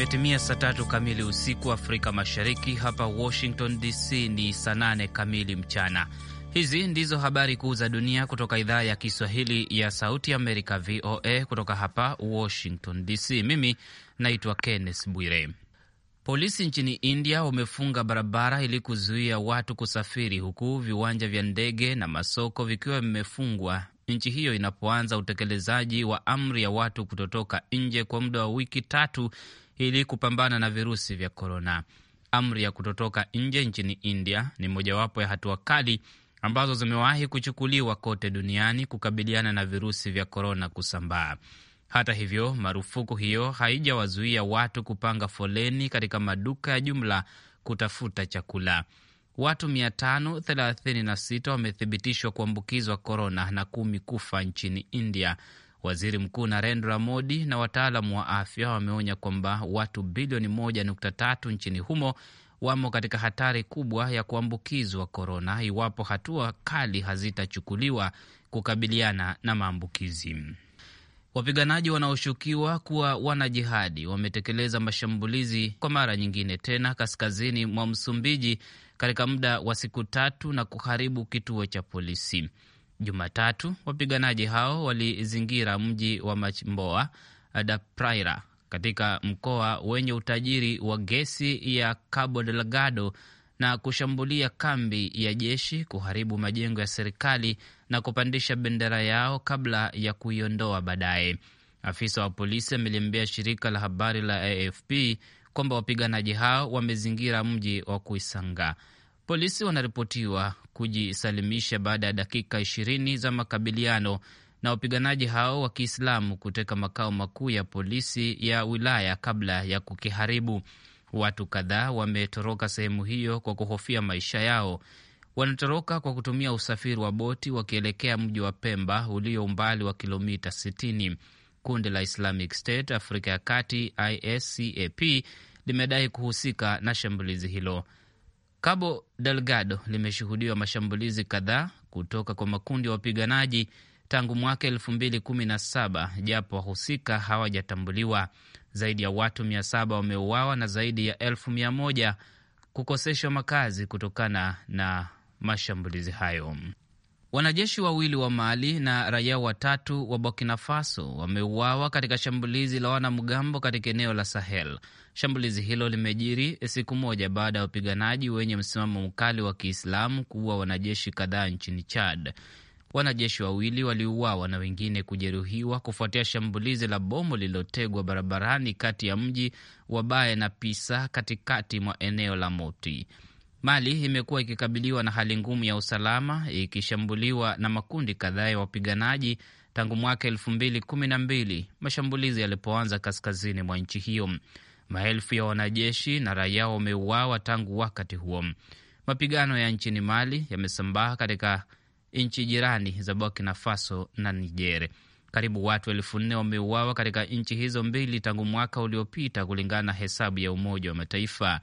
Imetimia saa tatu kamili usiku Afrika Mashariki. Hapa Washington DC ni saa nane kamili mchana. Hizi ndizo habari kuu za dunia kutoka idhaa ya Kiswahili ya Sauti Amerika, VOA, kutoka hapa Washington DC. Mimi naitwa Kenneth Bwire. Polisi nchini India wamefunga barabara ili kuzuia watu kusafiri, huku viwanja vya ndege na masoko vikiwa vimefungwa nchi hiyo inapoanza utekelezaji wa amri ya watu kutotoka nje kwa muda wa wiki tatu ili kupambana na virusi vya korona. Amri ya kutotoka nje nchini India ni mojawapo ya hatua kali ambazo zimewahi kuchukuliwa kote duniani kukabiliana na virusi vya korona kusambaa. Hata hivyo, marufuku hiyo haijawazuia watu kupanga foleni katika maduka ya jumla kutafuta chakula. Watu 536 wamethibitishwa kuambukizwa korona na kumi kufa nchini India Waziri Mkuu Narendra Modi na wataalamu wa afya wameonya kwamba watu bilioni 1.3 nchini humo wamo katika hatari kubwa ya kuambukizwa korona iwapo hatua kali hazitachukuliwa kukabiliana na maambukizi. Wapiganaji wanaoshukiwa kuwa wanajihadi wametekeleza mashambulizi kwa mara nyingine tena kaskazini mwa Msumbiji katika muda wa siku tatu na kuharibu kituo cha polisi. Jumatatu, wapiganaji hao walizingira mji wa Machimboa Dapraira katika mkoa wenye utajiri wa gesi ya Cabo Delgado na kushambulia kambi ya jeshi, kuharibu majengo ya serikali na kupandisha bendera yao kabla ya kuiondoa baadaye. Afisa wa polisi ameliambia shirika la habari la AFP kwamba wapiganaji hao wamezingira mji wa kuisangaa Polisi wanaripotiwa kujisalimisha baada ya dakika ishirini za makabiliano na wapiganaji hao wa Kiislamu kuteka makao makuu ya polisi ya wilaya kabla ya kukiharibu. Watu kadhaa wametoroka sehemu hiyo kwa kuhofia maisha yao. Wanatoroka kwa kutumia usafiri wa boti wakielekea mji wa Pemba ulio umbali wa kilomita 60. Kundi la Islamic State Afrika ya Kati, ISCAP, limedai kuhusika na shambulizi hilo. Cabo Delgado limeshuhudiwa mashambulizi kadhaa kutoka kwa makundi ya wapiganaji tangu mwaka elfu mbili kumi na saba japo wahusika hawajatambuliwa. Zaidi ya watu mia saba wameuawa na zaidi ya elfu mia moja kukoseshwa makazi kutokana na mashambulizi hayo. Wanajeshi wawili wa Mali na raia watatu wa Burkina Faso wameuawa katika shambulizi la wanamgambo katika eneo la Sahel. Shambulizi hilo limejiri siku moja baada ya wapiganaji wenye msimamo mkali wa Kiislamu kuua wanajeshi kadhaa nchini Chad. Wanajeshi wawili waliuawa na wengine kujeruhiwa kufuatia shambulizi la bomu lililotegwa barabarani kati ya mji wa Bae na Pisa katikati mwa eneo la Moti. Mali imekuwa ikikabiliwa na hali ngumu ya usalama, ikishambuliwa na makundi kadhaa ya wapiganaji tangu mwaka elfu mbili kumi na mbili mashambulizi yalipoanza kaskazini mwa nchi hiyo. Maelfu ya wanajeshi na raia wameuawa tangu wakati huo. Mapigano ya nchini Mali yamesambaa katika nchi jirani za Burkina Faso na Niger. Karibu watu elfu nne wameuawa katika nchi hizo mbili tangu mwaka uliopita, kulingana na hesabu ya Umoja wa Mataifa.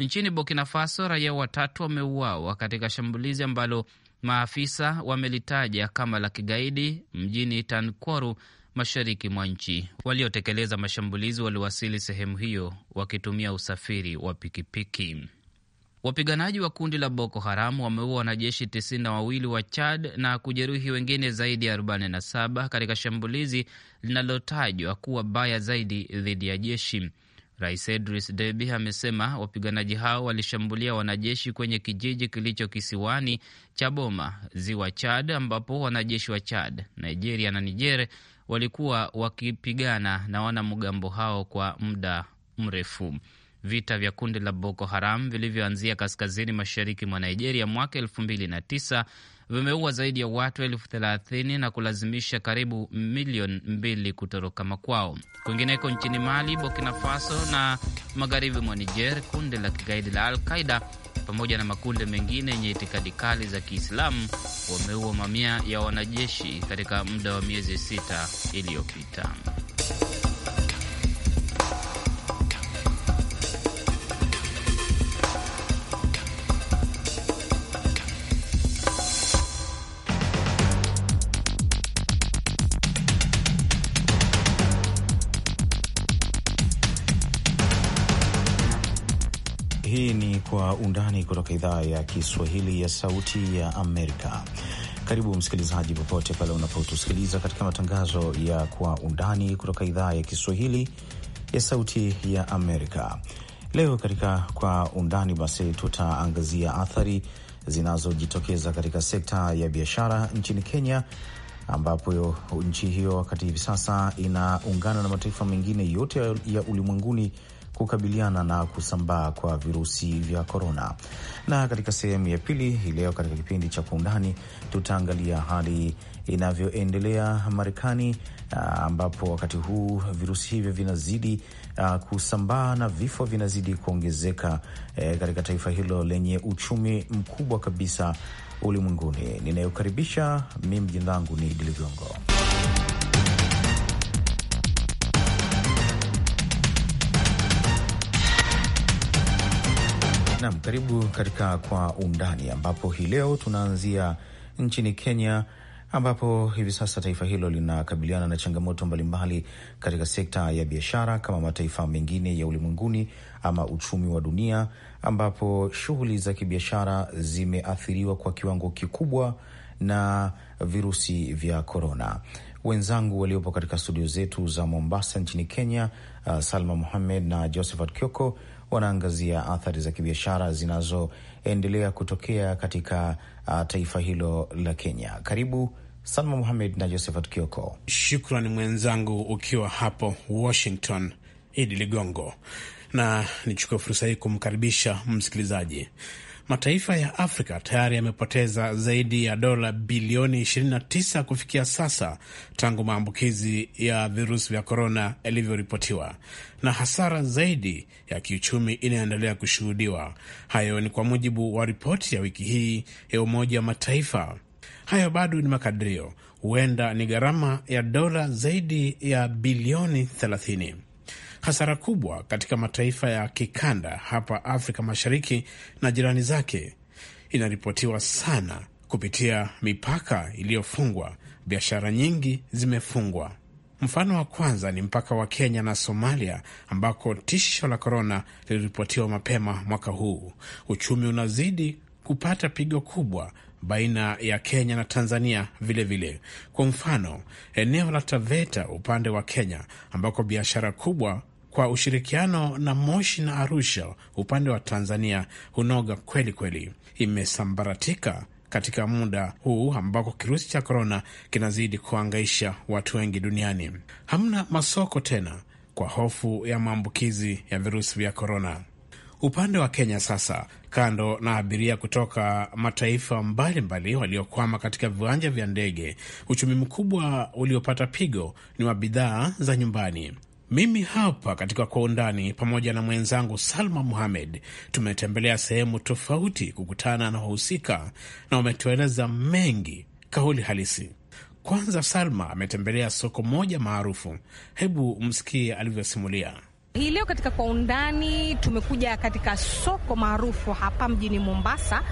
Nchini Burkina Faso, raia watatu wameuawa katika shambulizi ambalo maafisa wamelitaja kama la kigaidi mjini Tankoru, mashariki mwa nchi. Waliotekeleza mashambulizi waliwasili sehemu hiyo wakitumia usafiri wa pikipiki. Wapiganaji wa kundi la Boko Haram wameua wanajeshi tisini na wawili wa Chad na kujeruhi wengine zaidi ya 47 katika shambulizi linalotajwa kuwa baya zaidi dhidi ya jeshi. Rais Idris Deby amesema wapiganaji hao walishambulia wanajeshi kwenye kijiji kilicho kisiwani cha Boma, ziwa Chad, ambapo wanajeshi wa Chad, Nigeria na Niger walikuwa wakipigana na wanamgambo hao kwa muda mrefu. Vita vya kundi la Boko Haram vilivyoanzia kaskazini mashariki mwa Nigeria mwaka elfu mbili na tisa vimeua zaidi ya watu elfu thelathini na kulazimisha karibu milioni mbili kutoroka makwao. Kwingineko nchini Mali, Burkina Faso na magharibi mwa Niger, kundi la kigaidi la Al Qaida pamoja na makundi mengine yenye itikadi kali za Kiislamu wameua mamia ya wanajeshi katika muda wa miezi sita iliyopita. kutoka idhaa ya Kiswahili ya Sauti ya Amerika. Karibu msikilizaji, popote pale unapotusikiliza katika matangazo ya Kwa Undani kutoka idhaa ya Kiswahili ya Sauti ya Amerika. Leo katika Kwa Undani basi tutaangazia athari zinazojitokeza katika sekta ya biashara nchini Kenya, ambapo nchi hiyo wakati hivi sasa inaungana na mataifa mengine yote ya ulimwenguni kukabiliana na kusambaa kwa virusi vya korona. Na katika sehemu ya pili hii leo katika kipindi cha kwa undani, tutaangalia hali inavyoendelea Marekani, ah, ambapo wakati huu virusi hivyo vinazidi ah, kusambaa na vifo vinazidi kuongezeka eh, katika taifa hilo lenye uchumi mkubwa kabisa ulimwenguni. Ninayokaribisha mimi, jina langu ni Idi Ligongo. Naam, karibu katika Kwa Undani, ambapo hii leo tunaanzia nchini Kenya ambapo hivi sasa taifa hilo linakabiliana na changamoto mbalimbali katika sekta ya biashara kama mataifa mengine ya ulimwenguni ama uchumi wa dunia, ambapo shughuli za kibiashara zimeathiriwa kwa kiwango kikubwa na virusi vya korona. Wenzangu waliopo katika studio zetu za Mombasa nchini Kenya, uh, Salma muhamed na Josephat Kioko wanaangazia athari za kibiashara zinazoendelea kutokea katika uh, taifa hilo la Kenya. Karibu Salma Muhamed na Josephat Kioko. Shukran mwenzangu, ukiwa hapo Washington, Idi Ligongo, na nichukue fursa hii kumkaribisha msikilizaji Mataifa ya Afrika tayari yamepoteza zaidi ya dola bilioni 29 kufikia sasa tangu maambukizi ya virusi vya korona yalivyoripotiwa, na hasara zaidi ya kiuchumi inayoendelea kushuhudiwa. Hayo ni kwa mujibu wa ripoti ya wiki hii ya Umoja wa Mataifa. Hayo bado ni makadirio, huenda ni gharama ya dola zaidi ya bilioni hasara kubwa katika mataifa ya kikanda hapa Afrika Mashariki na jirani zake. Inaripotiwa sana kupitia mipaka iliyofungwa, biashara nyingi zimefungwa. Mfano wa kwanza ni mpaka wa Kenya na Somalia ambako tisho la korona liliripotiwa mapema mwaka huu. Uchumi unazidi kupata pigo kubwa baina ya Kenya na Tanzania vilevile vile. Kwa mfano eneo la Taveta upande wa Kenya ambako biashara kubwa kwa ushirikiano na Moshi na Arusha upande wa Tanzania hunoga kweli kweli, imesambaratika katika muda huu ambako kirusi cha korona kinazidi kuangaisha watu wengi duniani. Hamna masoko tena kwa hofu ya maambukizi ya virusi vya korona. Upande wa Kenya sasa, kando na abiria kutoka mataifa mbalimbali waliokwama katika viwanja vya ndege, uchumi mkubwa uliopata pigo ni wa bidhaa za nyumbani. Mimi hapa katika Kwa Undani, pamoja na mwenzangu Salma Muhamed, tumetembelea sehemu tofauti kukutana na wahusika na wametueleza mengi kauli halisi. Kwanza Salma ametembelea soko moja maarufu, hebu msikie alivyosimulia. Hii leo katika kwa undani tumekuja katika soko maarufu hapa mjini Mombasa,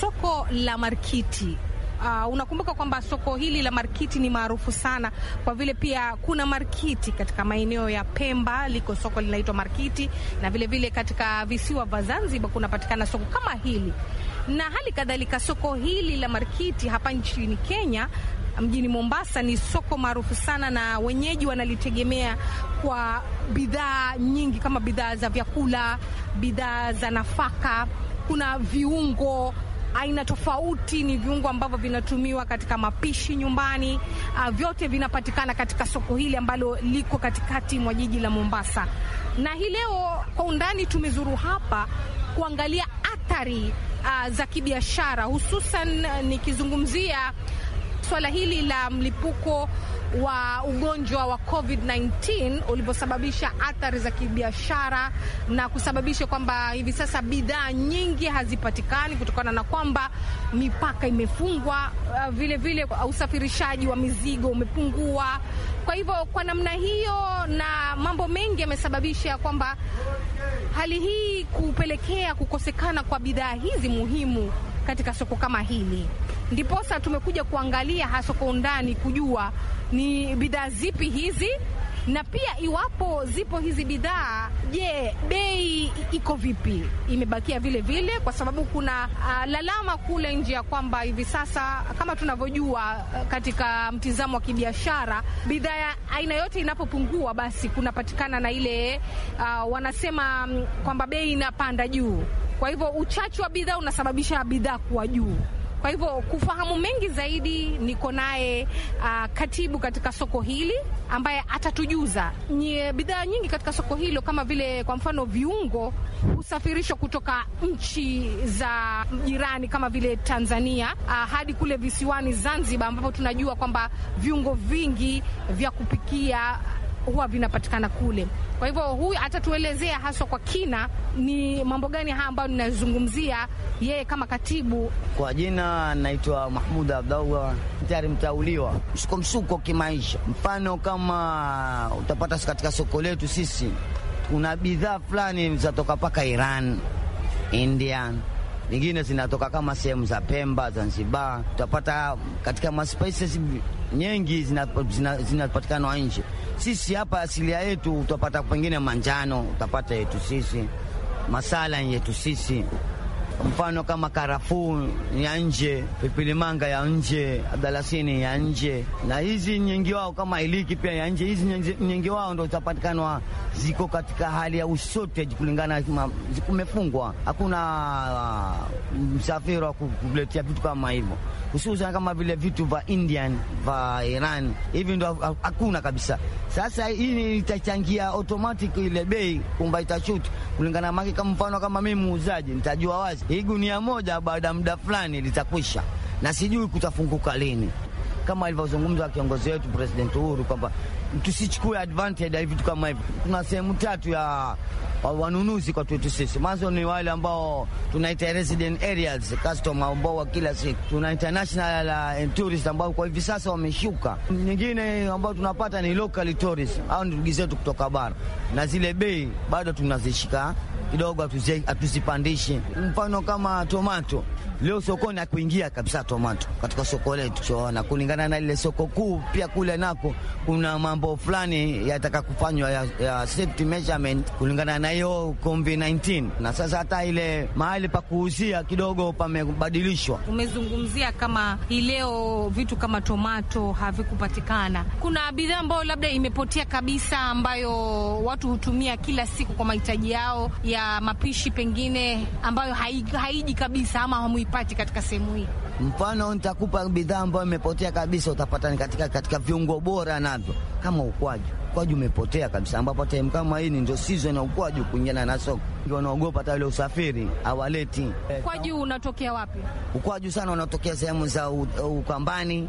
soko la Markiti. Uh, ah, unakumbuka kwamba soko hili la Markiti ni maarufu sana kwa vile pia kuna Markiti katika maeneo ya Pemba, liko soko linaitwa Markiti, na vile vile katika visiwa vya Zanzibar kunapatikana soko kama hili na hali kadhalika soko hili la Markiti hapa nchini Kenya mjini Mombasa ni soko maarufu sana, na wenyeji wanalitegemea kwa bidhaa nyingi kama bidhaa za vyakula, bidhaa za nafaka, kuna viungo aina tofauti, ni viungo ambavyo vinatumiwa katika mapishi nyumbani. Uh, vyote vinapatikana katika soko hili ambalo liko katikati mwa jiji la Mombasa. Na hii leo kwa undani tumezuru hapa kuangalia athari uh, za kibiashara, hususan nikizungumzia swala hili la mlipuko wa ugonjwa wa COVID-19 ulivyosababisha athari za kibiashara na kusababisha kwamba hivi sasa bidhaa nyingi hazipatikani kutokana na kwamba mipaka imefungwa, vilevile uh, vile usafirishaji wa mizigo umepungua. Kwa hivyo kwa namna hiyo na mambo mengi yamesababisha kwamba hali hii kupelekea kukosekana kwa bidhaa hizi muhimu katika soko kama hili. Ndiposa tumekuja kuangalia hasa kwa undani kujua ni bidhaa zipi hizi na pia iwapo zipo hizi bidhaa, je, bei iko vipi? Imebakia vile vile? Kwa sababu kuna uh, lalama kule nje ya kwamba hivi sasa kama tunavyojua, uh, katika mtizamo wa kibiashara, bidhaa ya aina yote inapopungua, basi kunapatikana na ile uh, wanasema mm, kwamba bei inapanda juu. Kwa hivyo uchache wa bidhaa unasababisha bidhaa kuwa juu. Kwa hivyo kufahamu mengi zaidi, niko naye uh, katibu katika soko hili ambaye atatujuza eh, bidhaa nyingi katika soko hilo, kama vile kwa mfano viungo husafirishwa kutoka nchi za jirani kama vile Tanzania uh, hadi kule visiwani Zanzibar, ambapo tunajua kwamba viungo vingi vya kupikia huwa vinapatikana kule. Kwa hivyo huyu atatuelezea haswa kwa kina ni mambo gani haya ambayo ninazungumzia yeye kama katibu. Kwa jina naitwa Mahmud Abdallah, tayari mtauliwa msuko msuko kimaisha. Mfano kama utapata katika soko letu sisi kuna bidhaa fulani zatoka mpaka Iran, India nyingine zinatoka kama sehemu za Pemba, Zanzibar. Tutapata katika maspaces nyingi zinapatikana zina, zina nje. Sisi hapa asilia yetu utapata pengine manjano, utapata yetu sisi masala yetu sisi mfano kama karafuu ya nje, manga ya nje, dalasini ya nje, na hizi nyingi wao kama iliki pia ya nje. Hizi nyingi wao ndo zitapatikanwa ziko katika hali ya usote kulingana, kumefungwa, hakuna uh, msafiri wa kuletea vitu kama hivyo, hususan kama vile vitu vya Indian vya Iran hivi ndo hakuna kabisa. Sasa hii itachangia automatic ile bei kumba itashut kulingana make, kama mfano kama mimi muuzaji nitajua wazi hii gunia moja baada ya muda fulani litakwisha, na sijui kutafunguka lini, kama alivyozungumza kiongozi wetu President Uhuru kwamba tusichukue advantage ya vitu kama hivi. Kuna sehemu tatu ya wanunuzi kwa kwetu sisi, mwanzo ni wale ambao tunaita resident areas customer ambao wa kila siku, tuna international and tourist ambao kwa hivi sasa wameshuka. Nyingine ambao tunapata ni local tourist au ndugu zetu kutoka bara, na zile bei bado tunazishika kidogo hatuzipandishi Mfano kama tomato leo sokoni akuingia kabisa tomato katika soko letu chona, kulingana na ile soko kuu. Pia kule nako kuna mambo fulani yataka kufanywa ya, ya safety measurement kulingana na hiyo COVID-19, na sasa hata ile mahali pa kuuzia kidogo pamebadilishwa. Umezungumzia kama hii leo vitu kama tomato havikupatikana, kuna bidhaa ambayo labda imepotea kabisa, ambayo watu hutumia kila siku kwa mahitaji yao ya ya mapishi pengine ambayo haiji kabisa ama hamuipati katika sehemu hii? Mfano, nitakupa bidhaa ambayo imepotea kabisa, utapata ni katika, katika viungo bora navyo kama ukwaju. Ukwaju umepotea kabisa, ambapo time kama hii ndio season ya ukwaju kuingiana na soko, ndio wanaogopa hata ule usafiri awaleti. Ukwaju unatokea wapi? Ukwaju sana unatokea sehemu za Ukambani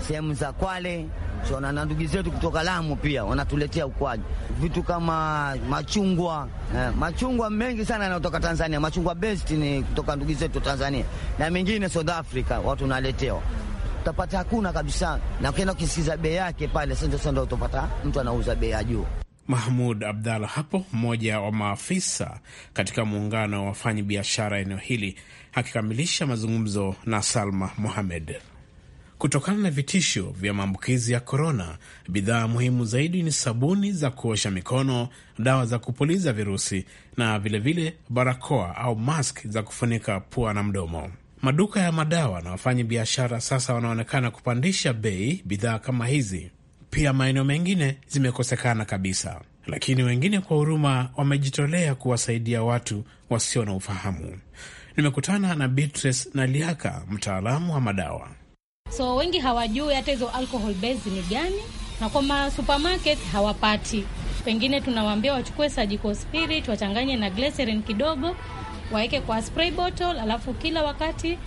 sehemu za Kwale tunaona na ndugu zetu kutoka Lamu pia wanatuletea ukwaji, vitu kama machungwa eh, machungwa mengi sana yanayotoka Tanzania. Machungwa best ni kutoka ndugu zetu Tanzania na mengine South Africa, watu naletewa utapata hakuna kabisa, na ukienda ukisikiza bei yake pale, sasa ndio utapata mtu anauza bei ya juu. Mahmud Abdalla hapo, mmoja wa maafisa katika muungano wa wafanyi biashara eneo hili, akikamilisha mazungumzo na Salma Mohamed. Kutokana na vitisho vya maambukizi ya korona, bidhaa muhimu zaidi ni sabuni za kuosha mikono, dawa za kupuliza virusi na vilevile vile barakoa au mask za kufunika pua na mdomo. Maduka ya madawa na wafanyi biashara sasa wanaonekana kupandisha bei bidhaa kama hizi. Pia maeneo mengine zimekosekana kabisa, lakini wengine kwa huruma wamejitolea kuwasaidia watu wasio na ufahamu. Nimekutana na Beatrice Naliaka, mtaalamu wa madawa so wengi hawajui hata hizo alcohol base ni gani, na kwa supermarket hawapati. Pengine tunawaambia wachukue surgical spirit wachanganye na glycerin kidogo, waweke kwa spray bottle, alafu kila wakati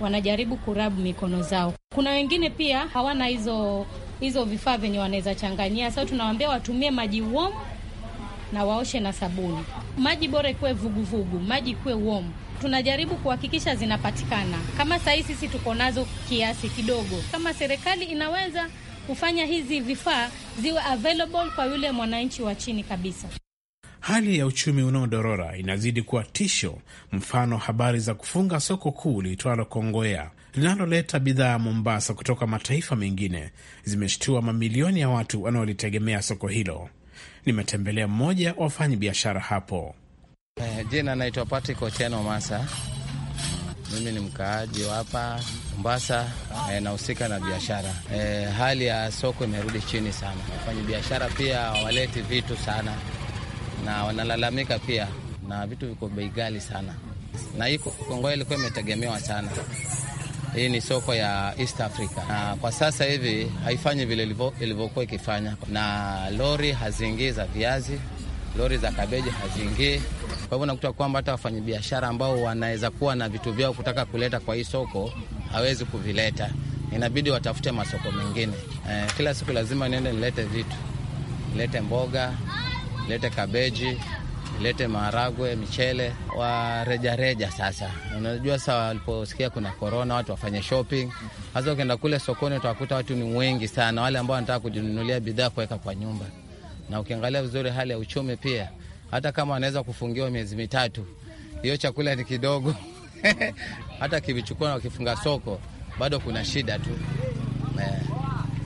wanajaribu kurabu mikono zao. Kuna wengine pia hawana hizo hizo vifaa vyenye wanaweza changanyia, so tunawaambia watumie maji warm na waoshe na sabuni. Maji bora ikuwe vuguvugu, maji ikuwe warm tunajaribu kuhakikisha zinapatikana. Kama sahii sisi tuko nazo kiasi kidogo, kama serikali inaweza kufanya hizi vifaa ziwe available kwa yule mwananchi wa chini kabisa. Hali ya uchumi unaodorora inazidi kuwa tisho, mfano habari za kufunga soko kuu liitwalo Kongowea linaloleta bidhaa ya Mombasa kutoka mataifa mengine zimeshtua mamilioni ya watu wanaolitegemea soko hilo. Nimetembelea mmoja wa wafanyabiashara hapo. Eh, jina naitwa Patrick Ocheno Masa. Mimi ni mkaaji wa hapa Mombasa eh, nahusika na biashara eh, hali ya soko imerudi chini sana. Wafanya biashara pia hawaleti vitu sana na wanalalamika pia, na vitu viko bei ghali sana, na hii Kongoa ilikuwa imetegemewa sana. Hii ni soko ya East Africa na kwa sasa hivi haifanyi vile ilivyokuwa ikifanya, na lori haziingii za viazi, lori za kabeji haziingii kwa hivyo nakuta kwamba hata wafanyabiashara ambao wanaweza kuwa na vitu vyao kutaka kuleta kwa hii soko hawezi kuvileta, inabidi watafute masoko mengine. Eh, kila siku lazima niende nilete vitu, nilete mboga, nilete kabeji nilete maharagwe, michele warejareja Sasa unajua, saa waliposikia kuna korona, watu wafanye shopping. Sasa ukienda kule sokoni utawakuta watu ni wengi sana, wale ambao wanataka kujinunulia bidhaa kuweka kwa nyumba. Na ukiangalia vizuri, hali ya uchumi pia hata kama anaweza kufungiwa miezi mitatu, hiyo chakula ni kidogo hata kivichukua na wakifunga soko bado kuna shida tu eh.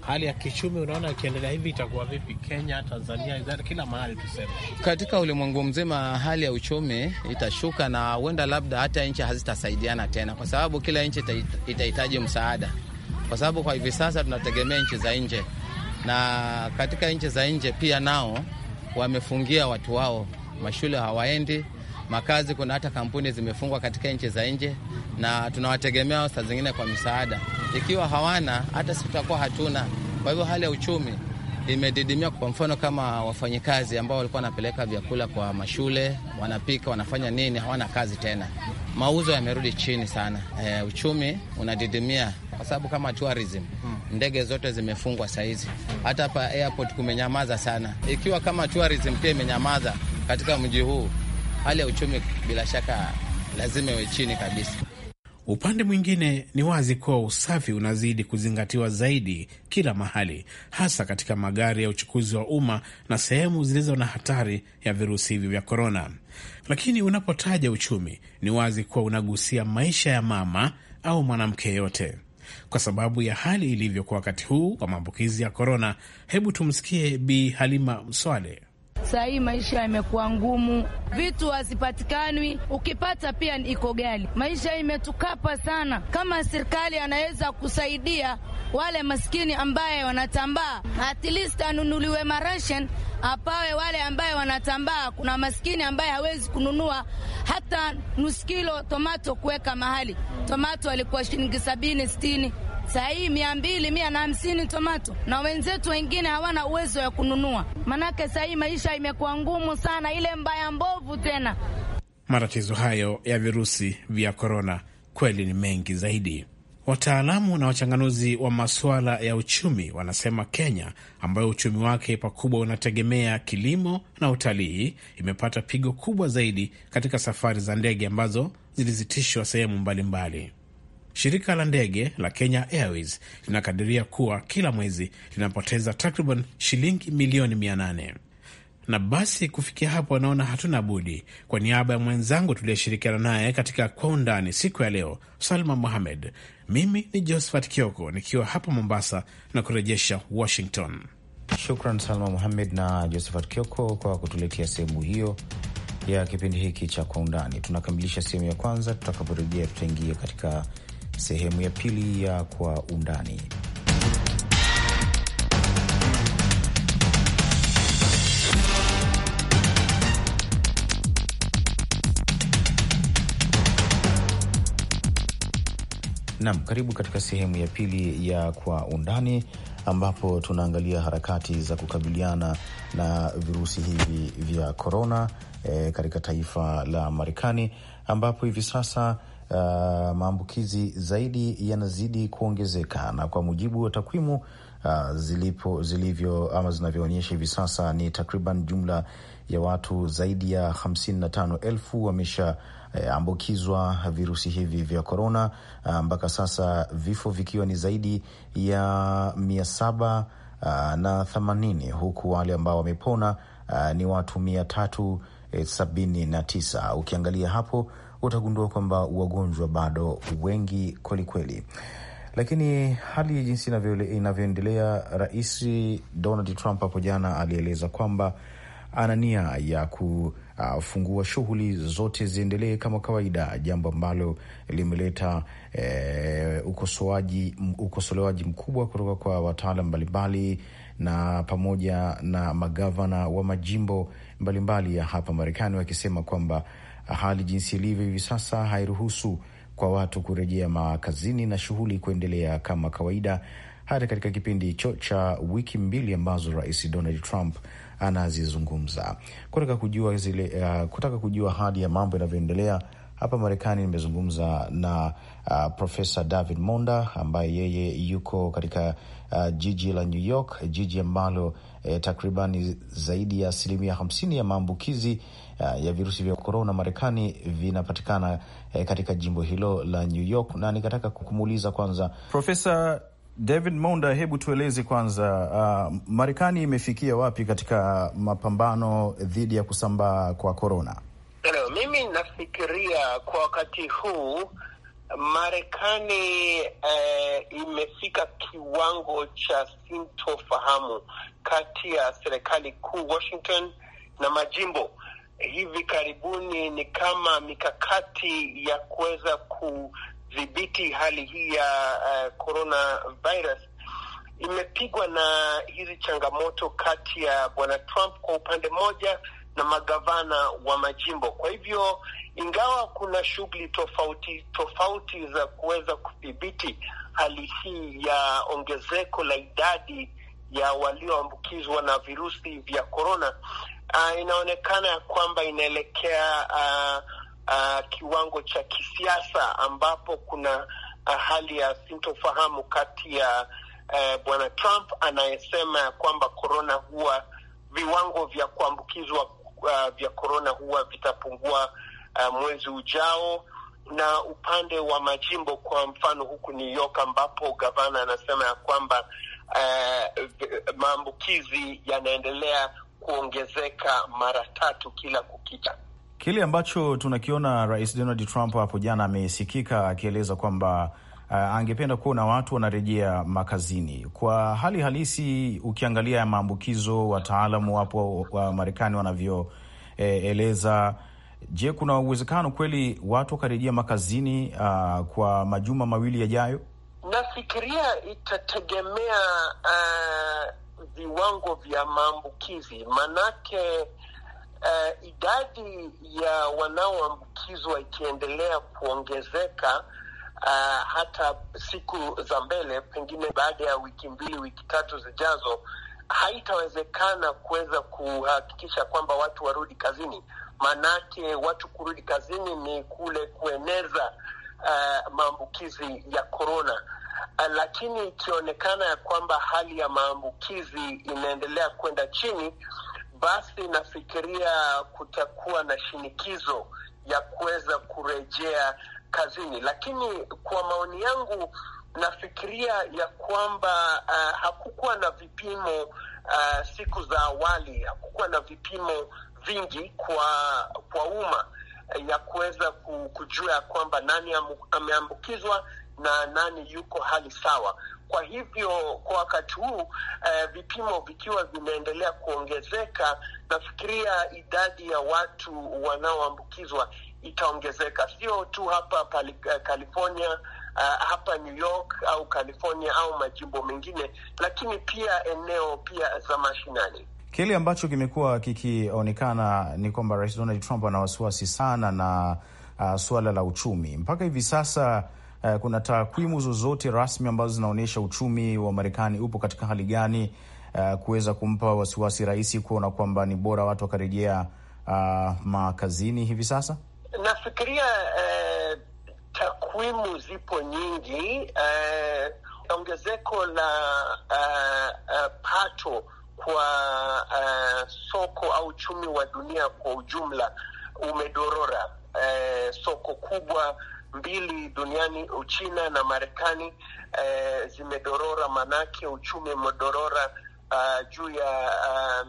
Hali ya kichumi unaona ikiendelea hivi itakuwa vipi? Kenya, Tanzania, kila mahali tuseme, katika ulimwengu mzima hali ya uchumi itashuka, na huenda labda hata nchi hazitasaidiana tena, kwa sababu kila nchi itahitaji msaada, kwa sababu kwa hivi sasa tunategemea nchi za nje, na katika nchi za nje pia nao wamefungia watu wao mashule hawaendi, makazi, kuna hata kampuni zimefungwa katika nchi za nje, na tunawategemea saa zingine kwa misaada. Ikiwa hawana hata sisi tutakuwa hatuna. Kwa hivyo hali ya uchumi imedidimia. Kwa mfano kama wafanyikazi ambao walikuwa wanapeleka vyakula kwa mashule, wanapika, wanafanya nini, hawana kazi tena, mauzo yamerudi chini sana. E, uchumi unadidimia kwa sababu kama tourism hmm. ndege zote zimefungwa saa hizi, hata hapa airport kumenyamaza sana. Ikiwa kama tourism pia imenyamaza, katika mji huu, hali ya uchumi bila shaka lazima iwe chini kabisa. Upande mwingine ni wazi kuwa usafi unazidi kuzingatiwa zaidi kila mahali, hasa katika magari ya uchukuzi wa umma na sehemu zilizo na hatari ya virusi hivi vya korona. Lakini unapotaja uchumi, ni wazi kuwa unagusia maisha ya mama au mwanamke yote kwa sababu ya hali ilivyo kwa wakati huu wa maambukizi ya korona. Hebu tumsikie Bi Halima Mswale. Saa hii maisha yamekuwa ngumu, vitu hazipatikanwi, ukipata pia iko gali. Maisha imetukapa sana. Kama serikali anaweza kusaidia wale maskini ambaye wanatambaa, at least anunuliwe marashen apawe wale ambaye wanatambaa. Kuna maskini ambaye hawezi kununua hata nusu kilo tomato kuweka mahali. Tomato alikuwa shilingi sabini sitini saa hii mia mbili mia na hamsini tomato, na wenzetu wengine hawana uwezo ya kununua, manake saa hii maisha imekuwa ngumu sana, ile mbaya mbovu tena. Matatizo hayo ya virusi vya korona kweli ni mengi zaidi. Wataalamu na wachanganuzi wa masuala ya uchumi wanasema Kenya, ambayo uchumi wake pakubwa unategemea kilimo na utalii, imepata pigo kubwa zaidi katika safari za ndege ambazo zilizitishwa sehemu mbalimbali. Shirika la ndege la Kenya Airways linakadiria kuwa kila mwezi linapoteza takriban shilingi milioni 800. Na basi kufikia hapo, anaona hatuna budi. Kwa niaba ya mwenzangu tuliyeshirikiana naye katika Kwa Undani siku ya leo, Salma Mohamed, mimi ni Josephat Kioko nikiwa hapa Mombasa na kurejesha Washington. Shukran Salma Mohamed na Josephat Kioko kwa kutuletea sehemu hiyo ya kipindi hiki cha Kwa Undani. Tunakamilisha sehemu ya kwanza. Tutakaporejea tutaingia katika sehemu ya pili ya Kwa Undani. Nam, karibu katika sehemu ya pili ya Kwa Undani, ambapo tunaangalia harakati za kukabiliana na virusi hivi vya korona e, eh, katika taifa la Marekani ambapo hivi sasa uh, maambukizi zaidi yanazidi kuongezeka, na kwa mujibu wa takwimu uh, zilipo zilivyo ama zinavyoonyesha hivi sasa ni takriban jumla ya watu zaidi ya hamsini na tano elfu wamesha eh, ambukizwa virusi hivi vya korona ah, mpaka sasa, vifo vikiwa ni zaidi ya mia saba na themanini huku wale ambao wamepona ni watu mia tatu e, sabini na tisa. Ukiangalia hapo utagundua kwamba wagonjwa bado wengi kwelikweli. Lakini hali ya jinsi inavyoendelea, Rais Donald Trump hapo jana alieleza kwamba ana nia ya kufungua shughuli zote ziendelee kama kawaida, jambo ambalo limeleta e, ukosoaji ukosolewaji mkubwa kutoka kwa wataalam mbalimbali na pamoja na magavana wa majimbo mbalimbali mbali ya hapa Marekani wakisema kwamba hali jinsi ilivyo hivi sasa hairuhusu kwa watu kurejea makazini na shughuli kuendelea kama kawaida, hata katika kipindi hicho cha wiki mbili ambazo Rais Donald Trump anazizungumza. Kutaka kujua zile, uh, kutaka kujua hali ya mambo yanavyoendelea hapa Marekani, nimezungumza na uh, eh, Profesa David Monda ambaye yeye yuko katika uh, jiji la New York, jiji ambalo eh, takribani zaidi ya asilimia hamsini ya maambukizi Eh, ya virusi vya korona Marekani vinapatikana eh, katika jimbo hilo la New York, na nikataka kukumuliza kwanza Profesa David Monda, hebu tueleze kwanza, uh, Marekani imefikia wapi katika mapambano dhidi ya kusambaa kwa korona? Mimi nafikiria kwa wakati huu Marekani eh, imefika kiwango cha sintofahamu kati ya serikali kuu Washington na majimbo hivi karibuni ni kama mikakati ya kuweza kudhibiti hali hii ya uh, eh, corona virus imepigwa na hizi changamoto kati ya bwana Trump kwa upande mmoja na magavana wa majimbo. Kwa hivyo, ingawa kuna shughuli tofauti tofauti za kuweza kudhibiti hali hii ya ongezeko la idadi ya walioambukizwa na virusi vya korona, uh, ah, inaonekana ya kwamba inaelekea uh, uh, kiwango cha kisiasa ambapo kuna uh, hali ya sintofahamu kati ya uh, bwana Trump anayesema ya kwamba korona huwa viwango vya kuambukizwa uh, vya korona huwa vitapungua uh, mwezi ujao na upande wa majimbo, kwa mfano huku New York ambapo gavana anasema ya kwamba uh, maambukizi yanaendelea kuongezeka mara tatu kila kukicha. Kile ambacho tunakiona Rais Donald Trump hapo jana amesikika akieleza kwamba uh, angependa kuona watu wanarejea makazini. Kwa hali halisi, ukiangalia maambukizo, wataalamu wapo wa Marekani wanavyoeleza eh, Je, kuna uwezekano kweli watu wakarejea makazini uh, kwa majuma mawili yajayo? Nafikiria itategemea uh, viwango vya maambukizi manake uh, idadi ya wanaoambukizwa ikiendelea kuongezeka uh, hata siku za mbele, pengine baada ya wiki mbili, wiki tatu zijazo, haitawezekana kuweza kuhakikisha kwamba watu warudi kazini. Manake watu kurudi kazini ni kule kueneza uh, maambukizi ya korona uh, lakini ikionekana ya kwamba hali ya maambukizi inaendelea kwenda chini, basi nafikiria kutakuwa na shinikizo ya kuweza kurejea kazini. Lakini kwa maoni yangu nafikiria ya kwamba uh, hakukuwa na vipimo uh, siku za awali hakukuwa na vipimo vingi kwa kwa umma ya kuweza kujua ya kwamba nani ameambukizwa na nani yuko hali sawa. Kwa hivyo kwa wakati huu uh, vipimo vikiwa vinaendelea kuongezeka, nafikiria idadi ya watu wanaoambukizwa itaongezeka, sio tu hapa pali, uh, California Uh, hapa New York au California au majimbo mengine, lakini pia eneo pia za mashinani. Kile ambacho kimekuwa kikionekana ni kwamba Rais Donald Trump ana wasiwasi sana na uh, suala la uchumi mpaka hivi sasa. Uh, kuna takwimu zozote rasmi ambazo zinaonyesha uchumi wa Marekani upo katika hali gani, uh, kuweza kumpa wasiwasi rais kuona kwamba ni bora watu wakarejea uh, makazini hivi sasa? Nafikiria uh, takwimu zipo nyingi. Uh, ongezeko uh, la uh, uh, pato kwa uh, soko au uchumi wa dunia kwa ujumla umedorora. Uh, soko kubwa mbili duniani Uchina na Marekani uh, zimedorora, manake uchumi umedorora uh, juu ya uh,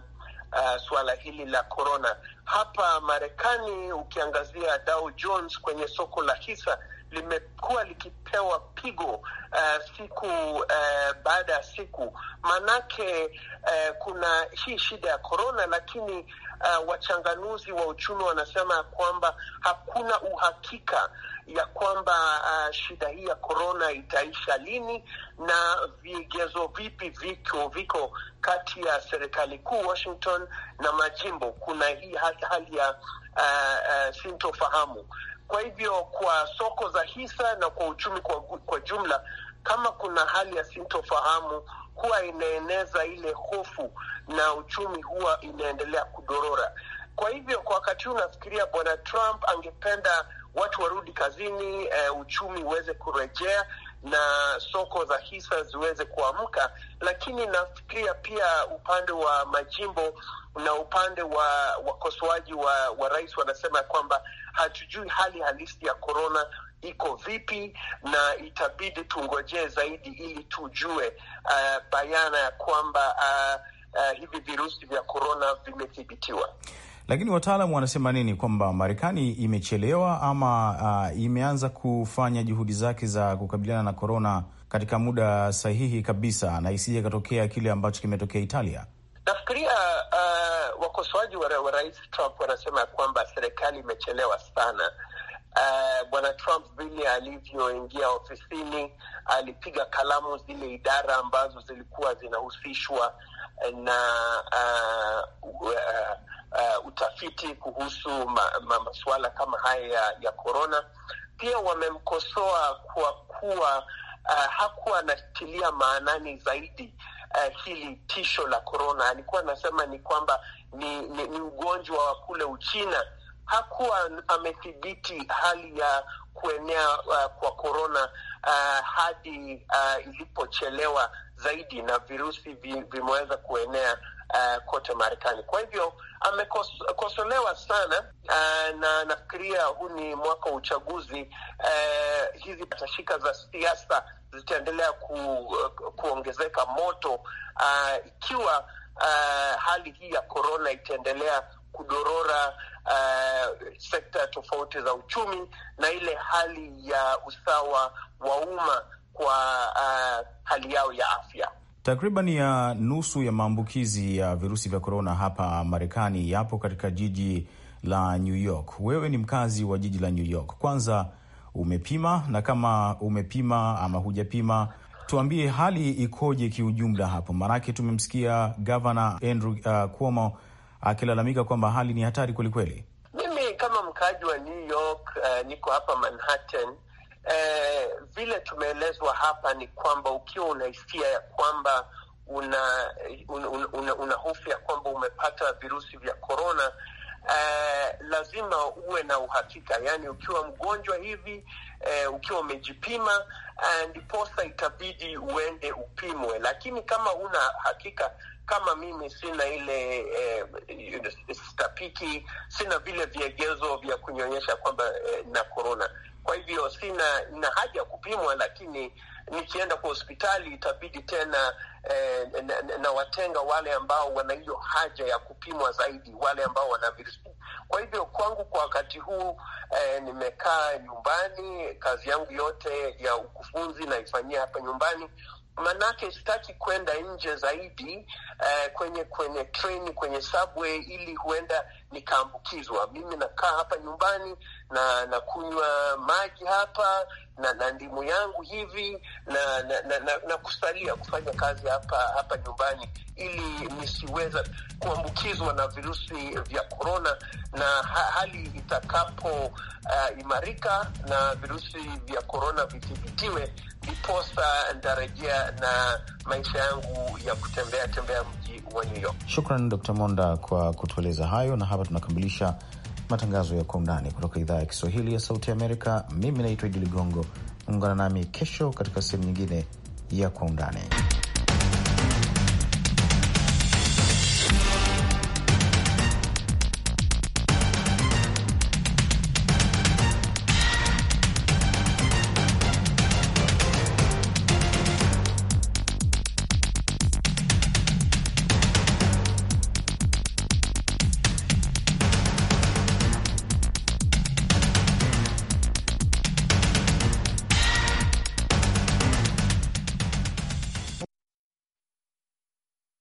uh, suala hili la korona. Hapa Marekani ukiangazia Dow Jones kwenye soko la hisa limekuwa likipewa pigo uh, siku uh, baada ya siku, maanake uh, eh, kuna hii shida ya korona, lakini uh, wachanganuzi wa uchumi wanasema ya kwamba hakuna uhakika ya kwamba uh, shida hii ya korona itaisha lini na vigezo vipi viko viko kati ya serikali kuu Washington na majimbo. Kuna hii hali ya uh, uh, sintofahamu kwa hivyo kwa soko za hisa na kwa uchumi kwa, kwa jumla, kama kuna hali ya sintofahamu huwa inaeneza ile hofu na uchumi huwa inaendelea kudorora. Kwa hivyo kwa wakati huu nafikiria bwana Trump angependa watu warudi kazini, eh, uchumi uweze kurejea na soko za hisa ziweze kuamka, lakini nafikiria pia upande wa majimbo na upande wa wakosoaji wa, wa rais wanasema kwamba hatujui hali halisi ya korona iko vipi na itabidi tungojee zaidi ili tujue uh, bayana ya kwamba uh, uh, hivi virusi vya korona vimethibitiwa. Lakini wataalamu wanasema nini? Kwamba Marekani imechelewa ama uh, imeanza kufanya juhudi zake za kukabiliana na korona katika muda sahihi kabisa na isije katokea kile ambacho kimetokea Italia. Nafikiria uh, uh, wakosoaji wa, wa Rais Trump wanasema kwamba serikali imechelewa sana. Uh, Bwana Trump vile alivyoingia ofisini alipiga kalamu zile idara ambazo zilikuwa zinahusishwa na uh, uh, uh, utafiti kuhusu ma, ma, masuala kama haya ya korona. Pia wamemkosoa kwa kuwa uh, hakuwa anatilia maanani zaidi uh, hili tisho la korona. Alikuwa anasema ni kwamba ni, ni, ni ugonjwa wa kule Uchina. Hakuwa amethibiti hali ya kuenea uh, kwa korona uh, hadi uh, ilipochelewa zaidi na virusi vimeweza kuenea uh, kote Marekani. Kwa hivyo amekosolewa sana uh, na nafikiria huu ni mwaka wa uchaguzi uh, hizi tashika za siasa zitaendelea ku, eh, kuongezeka moto uh, ikiwa uh, hali hii ya korona itaendelea kudorora uh, sekta tofauti za uchumi na ile hali ya usawa wa umma kwa uh, hali yao ya afya. Takriban ya nusu ya maambukizi ya virusi vya korona hapa Marekani yapo katika jiji la New York. Wewe ni mkazi wa jiji la New York, kwanza umepima, na kama umepima ama hujapima, tuambie hali ikoje kiujumla hapo, maanake tumemsikia gavana Andrew uh, Cuomo akilalamika kwamba hali ni hatari kwelikweli. Mimi kama mkaaji wa New York uh, niko hapa Manhattan eh, vile tumeelezwa hapa ni kwamba ukiwa una hisia ya kwamba una una, una, una hofu ya kwamba umepata virusi vya korona eh, lazima uwe na uhakika, yaani ukiwa mgonjwa hivi eh, ukiwa umejipima eh, ndiposa itabidi uende upimwe, lakini kama una hakika kama mimi sina ile eh, stapiki, sina vile viegezo vya kunyonyesha kwamba eh, na korona kwa hivyo sina na haja ya kupimwa, lakini nikienda kwa hospitali itabidi tena eh, nawatenga na, wale ambao wana hiyo haja ya kupimwa zaidi, wale ambao wana virusi. Kwa hivyo kwangu kwa wakati huu eh, nimekaa nyumbani, kazi yangu yote ya ukufunzi naifanyia hapa nyumbani manake sitaki kwenda nje zaidi eh, kwenye kwenye treni, kwenye subway, ili huenda nikaambukizwa. Mimi nakaa hapa nyumbani na nakunywa maji hapa na, na ndimu yangu hivi na na, na, na na kusalia kufanya kazi hapa hapa nyumbani ili nisiweza kuambukizwa na virusi vya korona, na hali itakapoimarika uh, na virusi vya korona vidhibitiwe, ndiposa ntarejea na maisha yangu ya kutembea tembea mji wa New York. Shukran Dr. Monda kwa kutueleza hayo, na hapa tunakamilisha matangazo ya kwa undani kutoka idhaa ya Kiswahili ya Sauti Amerika. Mimi naitwa Idi Ligongo, ungana nami kesho katika sehemu nyingine ya kwa undani.